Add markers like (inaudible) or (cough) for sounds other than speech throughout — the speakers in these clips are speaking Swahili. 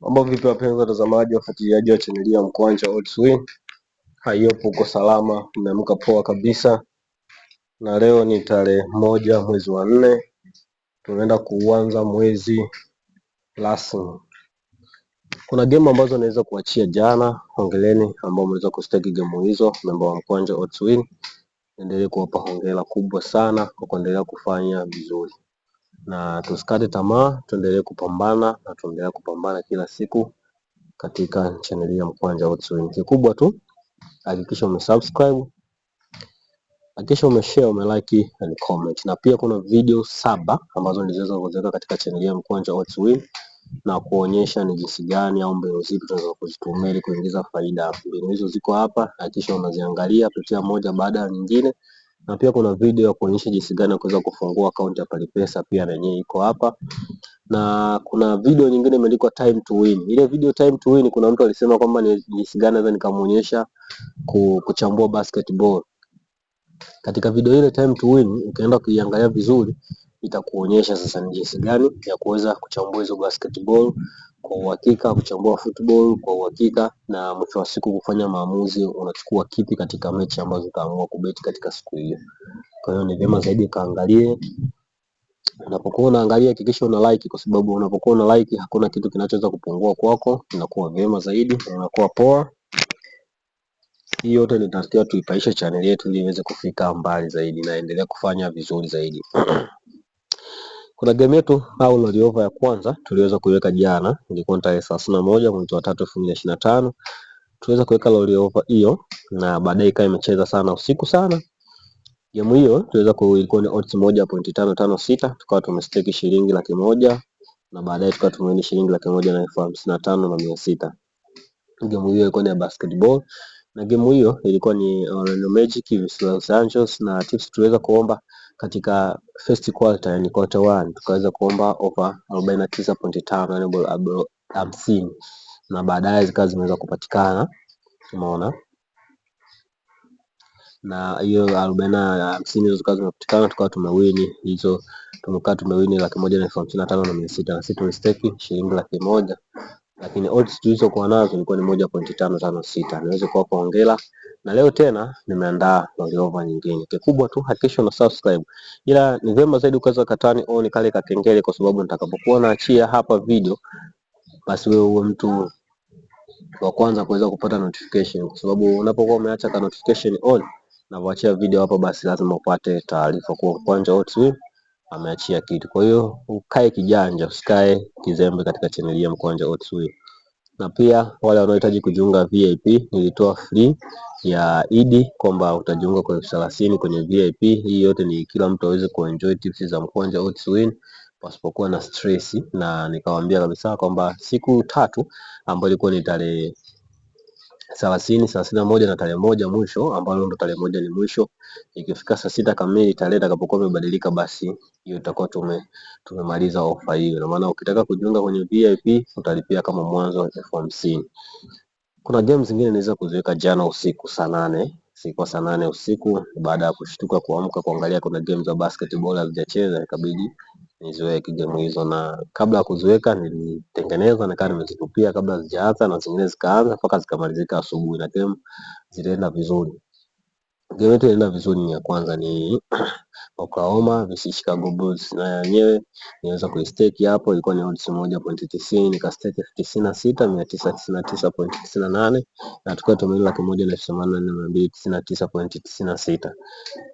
Mambo vipi wapenzi watazamaji, wafuatiliaji wa chaneli ya Mkwanja Oddswin, haiyopo uko salama, mmeamka poa kabisa, na leo ni tarehe moja mwezi wa nne, tunaenda kuanza mwezi rasmi. Kuna gemu ambazo naweza kuachia jana, hongereni ambao umeweza kusteki gemu hizo, memba wa Mkwanja Oddswin, endelee kuwapa hongera kubwa sana kwa kuendelea kufanya vizuri na tusikate tamaa, tuendelee kupambana na tuendelee kupambana kila siku katika channel ya Mkwanja Outswing. Kikubwa tu hakikisha umesubscribe, hakikisha umeshare, umelike and comment, na pia kuna video saba ambazo niliweza kuziweka katika channel ya Mkwanja Outswing na kuonyesha ni jinsi gani au mbinu zipi tunaweza kuzitumia ili kuingiza faida. Mbinu hizo ziko hapa, hakikisha unaziangalia pitia moja baada ya nyingine na pia kuna video ya kuonyesha jinsi gani ya kuweza kufungua akaunti ya Palipesa pia na yenyewe iko hapa, na kuna video nyingine imeandikwa time to win. Ile video time to win, kuna mtu alisema kwamba ni jinsi gani naweza nikamuonyesha kuchambua basketball. Katika video ile time to win, ukienda kuiangalia vizuri itakuonyesha sasa ni jinsi gani ya kuweza kuchambua hizo basketball kwa uhakika, kuchambua football kwa uhakika, na mwisho wa siku kufanya maamuzi, unachukua kipi katika mechi ambazo utaamua kubeti katika siku hiyo. Kwa hiyo ni vyema zaidi kaangalie unapokuwa unaangalia hakikisha una like, kwa sababu unapokuwa una like hakuna kitu kinachoweza kupungua kwako, inakuwa vyema zaidi na inakuwa poa. Hii yote ni nitatakiwa tuipaisha channel yetu ili iweze kufika mbali zaidi na endelea kufanya vizuri zaidi (clears throat) Kuna game yetu au Lord Over ya kwanza tuliweza kuiweka jana, ilikuwa tarehe thelathini na moja mwezi wa tatu elfu mbili na ishirini na tano tuliweza kuweka Lord Over hiyo, na baadaye ikawa imecheza sana usiku sana. Game hiyo tuliweza ilikuwa ni odds moja pointi tano tano sita tukawa tumestake shilingi laki moja na baadaye tukawa tumeenda shilingi laki moja na elfu hamsini na tano na mia sita. Game hiyo ilikuwa ni ya basketball na game hiyo ilikuwa ni Orlando Magic vs Los Angeles na tips tuliweza kuomba katika first quarter yani quarter one, tukaweza kuomba over 49.5 yani ball 50 na baadaye zikawa zimeweza kupatikana umeona na hiyo arobaini na hamsini hizo zikawa zimepatikana, tukawa tumewini hizo, tumekaa tumewini laki moja na elfu hamsini na tano na mia sita na sisi tumesteki shilingi laki moja, lakini odds tulizokuwa nazo ilikuwa ni moja pointi tano tano sita. Naweza kuwapa hongera. Na leo tena nimeandaa rollover nyingine. Kikubwa tu hakikisha una subscribe. Ila ni vyema zaidi ukaweza katani on kale kakengele, kwa sababu nitakapokuwa naachia hapa video basi wewe uwe mtu wa kwanza kuweza kupata notification kwa sababu unapokuwa umeacha ka notification on navyoachia video hapa basi lazima upate taarifa kwa kwanza wote ameachia kitu. Kwa hiyo ukae kijanja, usikae kizembe katika chaneli ya Mkwanja Odds na pia wale wanaohitaji kujiunga VIP nilitoa free ya Idi e kwamba utajiunga kwa elfu thelathini kwenye VIP. Hii yote ni kila mtu aweze kuenjoy tips za mkwanja odds win pasipokuwa na stress, na nikawambia kabisa kwamba siku tatu ambayo ilikuwa ni tarehe thelathini, thelathini na moja na tarehe moja mwisho, ambalo ndo tarehe moja ni mwisho. Ikifika saa sita kamili tarehe itakapokuwa imebadilika, basi hiyo itakuwa tume tumemaliza ofa hiyo. Na maana ukitaka kujiunga kwenye VIP utalipia kama mwanzo elfu hamsini. Kuna game zingine naweza kuziweka jana usiku saa nane siku saa nane usiku baada ya kushtuka kuamka kuangalia kuna game za basketball hazijacheza, ikabidi niziweke gemu hizo, na kabla ya kuziweka nilitengeneza nikaa nimezitupia kabla zijaanza, na zingine zikaanza mpaka zikamalizika asubuhi, na gemu zilienda vizuri. Gemu yetu ilienda vizuri, ya kwanza ni (clears throat) Oklahoma vs Chicago Bulls, na yenyewe niweza kuistake hapo, ilikuwa ni odds moja pointi tisini nikastake tisini na sita mia tisa tisini na tisa pointi tisini na nane na tukawa tumeni laki moja na elfu themanini na nne mia mbili tisini na tisa pointi tisini na sita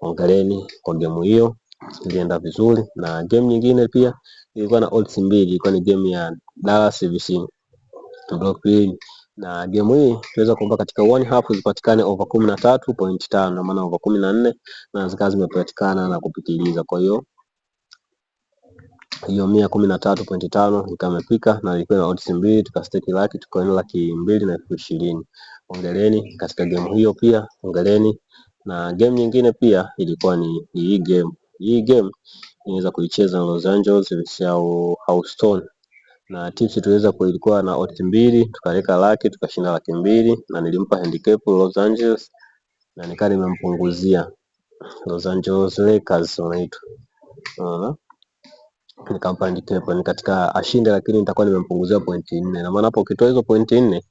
Ongeleni kwa gemu hiyo ilienda vizuri na game nyingine pia ilikuwa na odds mbili, ilikuwa ni game ya Dallas vs Brooklyn na game hii tuweza kuomba katika one half zipatikane over kumi na tatu point tano maana over kumi na nne na zikawa zimepatikana na kupitiliza. Kwa hiyo hiyo mia kumi na tatu point tano ikamepika na ilikuwa na odds mbili, tukastake laki tukaona laki mbili na elfu ishirini. Ongeleni katika game hiyo pia, ongeleni na game nyingine pia ilikuwa ni hii game hii game inaweza kuicheza Los Angeles vs Houston na tips tuweza kulikuwa na odds mbili, tukaweka laki tukashinda laki mbili na nilimpa handicap Los Angeles na nikaa nimempunguzia Los Angeles Lakers wanaitwa. Unaona? Nikampa handicap ni katika ashinde, lakini nitakuwa nimempunguzia pointi nne. Na maana hapo ukitoa hizo pointi nne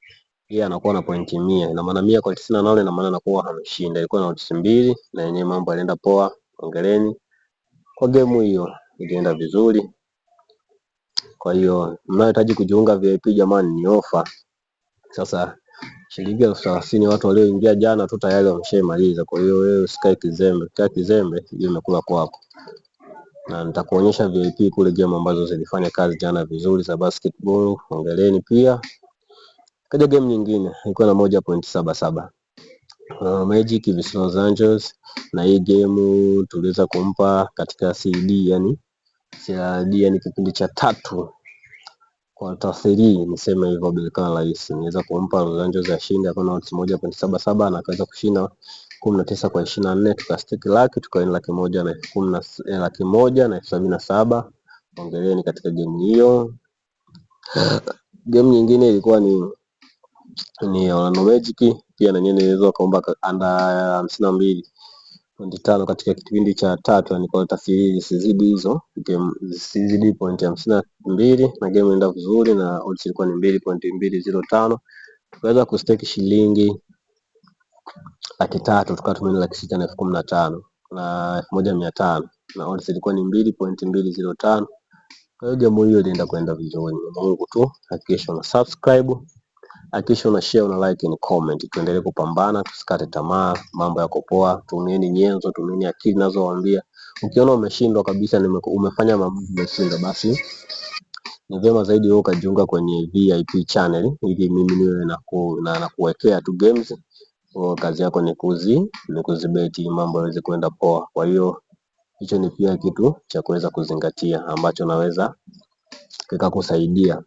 yeye anakuwa na pointi mia. Ina maana mia kwa tisini na nane ina maana anakuwa ameshinda. Ilikuwa na odds mbili na yenyewe mambo yalienda poa. ongeleni kwa gemu hiyo ilienda vizuri. Kwa hiyo mnayohitaji kujiunga VIP jamani, ni ofa sasa. Shilingi elfu thelathini watu walioingia jana tu tayari wameshaimaliza. Kwa hiyo wewe usikae kizembe, kaa kizembe, hiyo imekula kwako, na nitakuonyesha VIP kule game ambazo zilifanya kazi jana vizuri za basketball. Ongeleni pia kaja game nyingine ilikuwa na moja point saba saba uh, Magic vs Los Angeles na hii game tuliweza kumpa katika CD yani CD yani kipindi cha tatu kwa tathiri niseme hivyo bila kama rais niweza kumpa Los Angeles ashinde kwa notes 1.77 na akaweza kushinda 19 kwa 24 tukastiki laki tukaenda laki moja na elfu kumi na eh, laki moja na elfu sabini na saba ongeleni katika game hiyo. Game nyingine ilikuwa ni ni Orlando Magic pia na yeye inaweza kaomba anda hamsini na mbili pointi tano katika kipindi cha tatu, yani kwa tafsiri zisizidi hizo game, zisizidi pointi hamsini na mbili na game inaenda vizuri na odds ilikuwa ni mbili pointi mbili zero tano tukaweza kustake shilingi laki tatu tukawa tumeenda laki sita na elfu kumi na tano na elfu moja mia tano na odds ilikuwa ni mbili pointi mbili zero tano. Kwa hiyo jambo hiyo ilienda kwenda vizuri. Mungu tu hakikisha una subscribe hakikisha una share, una like and comment. Tuendelee kupambana, tusikate tamaa, mambo yako poa. Tumieni nyenzo, tumieni akili nazowaambia. Ukiona umeshindwa kabisa, umefanya maamuzi umeshindwa, basi ni vyema zaidi wewe ukajiunga kwenye VIP channel ili mimi niwe na ku, na, na kuwekea tu games, kazi yako ni kuzi ni kuzibeti, mambo yaweze kwenda poa. Kwa hiyo hicho ni pia kitu cha kuweza kuzingatia ambacho naweza kikakusaidia.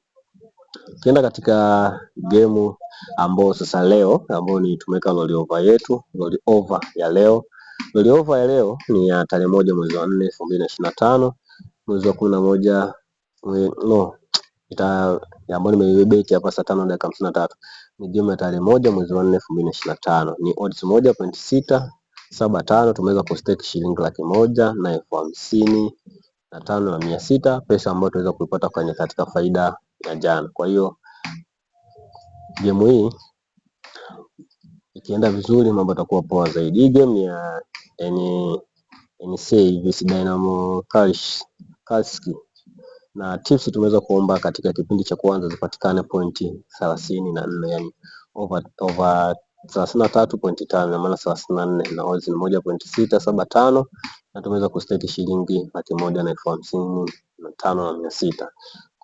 Tukienda katika gemu ambayo sasa leo ambayo ni tumeweka roliover yetu, roliover ya leo. Roliover ya leo ni ya tarehe moja mwezi wa nne elfu mbili na ishirini na tano mwezi wa kumi na moja no, ita ambayo nimeibeti hapa saa tano dakika hamsini na tatu ni gemu ya tarehe moja mwezi wa nne elfu mbili na ishirini na tano ni odds moja point sita saba tano tumeweza kustake shilingi laki moja na elfu hamsini na tano na mia sita pesa ambayo tunaweza kuipata kwenye katika faida na jana. Kwa hiyo gemu hii ikienda vizuri, mambo yatakuwa poa zaidi. Hii game ya NEC vs Dynamo Kaliski na tips tumeweza kuomba katika kipindi cha kwanza zipatikane pointi thelathini na nne yani over, over thelathini na tatu pointi tano na maana thelathini na nne na odds ni moja pointi sita saba tano na tumeweza kustake shilingi laki moja na elfu hamsini na tano na mia sita.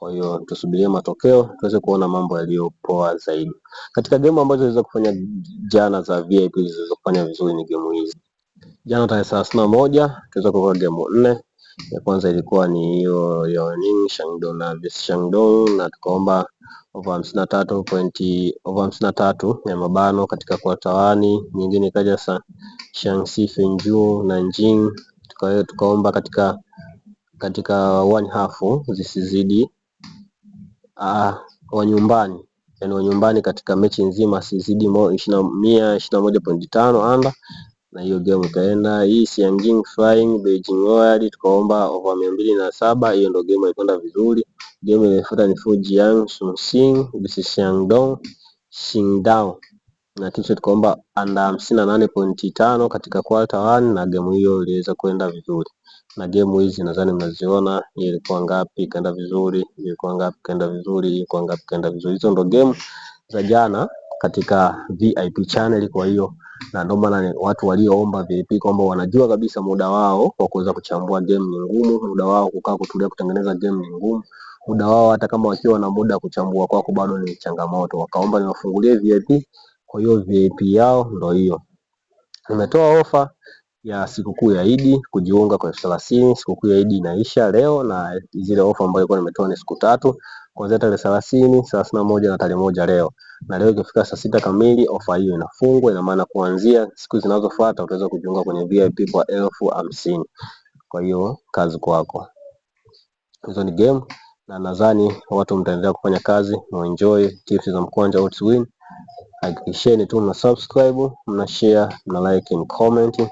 Kwa hiyo tusubirie matokeo tuweze kuona mambo yaliyopoa zaidi. Katika gemu ambazo ziliweza kufanya jana za VIP ziliweza kufanya vizuri ni gemu hizi. Jana tarehe thelathini na moja tuweza kuoka gemu nne. Ya kwanza ilikuwa ni hiyo ya Ning Shangdong na Vs Shangdong na tukaomba over hamsini na tatu pointi over hamsini na tatu ya mabano katika wani. Nyingine ikaja sa Shangsi Fenju na Njing tukaomba katika katika one half zisizidi Ah, wa nyumbani yani wa nyumbani katika mechi nzima asizidi mia ishirini na moja pointi tano anda na hiyo game ikaenda hii Sianjing Flying Beijing Royal tukaomba over mia mbili na saba. Hiyo ndio game ilikwenda vizuri. Game iliyofuata ni Fujian Sunsing vs Shandong Xingdao, na kisha tukaomba under hamsini na nane pointi tano katika quarter 1 na game hiyo iliweza kwenda vizuri na gemu hizi nadhani mnaziona, hii ilikuwa ngapi ikaenda vizuri, hii ilikuwa ngapi ikaenda vizuri, hii ilikuwa ngapi ikaenda vizuri. Hizo ndo gemu za jana katika VIP channel. Kwa hiyo na ndio maana watu walioomba VIP kwamba wanajua kabisa muda wao wa kuweza kuchambua game ni ngumu, muda wao kukaa kutulia kutengeneza game ni ngumu, muda wao hata kama wakiwa na muda kuchambua kwako bado ni changamoto, wakaomba niwafungulie VIP. Kwa hiyo VIP yao ndo hiyo, nimetoa ofa ya sikukuu ya Idi kujiunga kwa elfu thelathini. Sikukuu ya Idi inaisha leo, na zile ofa ambayo ilikuwa nimetoa ni siku tatu kuanzia tarehe thelathini, thelathini na moja na tarehe moja leo, na leo ikifika saa sita kamili ofa hiyo inafungwa. Ina maana kuanzia siku zinazofuata utaweza kujiunga kwenye VIP kwa elfu hamsini. Kwa hiyo kazi kwako, hizo ni game na nadhani watu mtaendelea kufanya kazi na enjoy tips za Mkwanja Odds Win. Hakikisheni tu mna subscribe, mna share, mna like and comment.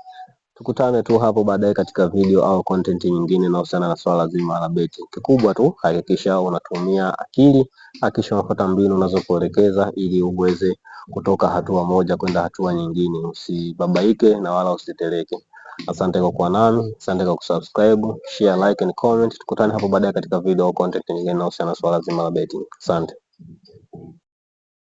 Tukutane tu hapo baadaye katika video au content nyingine inayohusiana na swala zima la beti. Kikubwa tu hakikisha unatumia akili, hakikisha unafuata mbinu unazokuelekeza ili uweze kutoka hatua moja kwenda hatua nyingine. Usibabaike na wala usiteleke. Asante kwa kuwa nami, asante kwa kusubscribe, share, like and comment. Tukutane hapo baadaye katika video au content nyingine inayohusiana na swala zima la beti. Asante.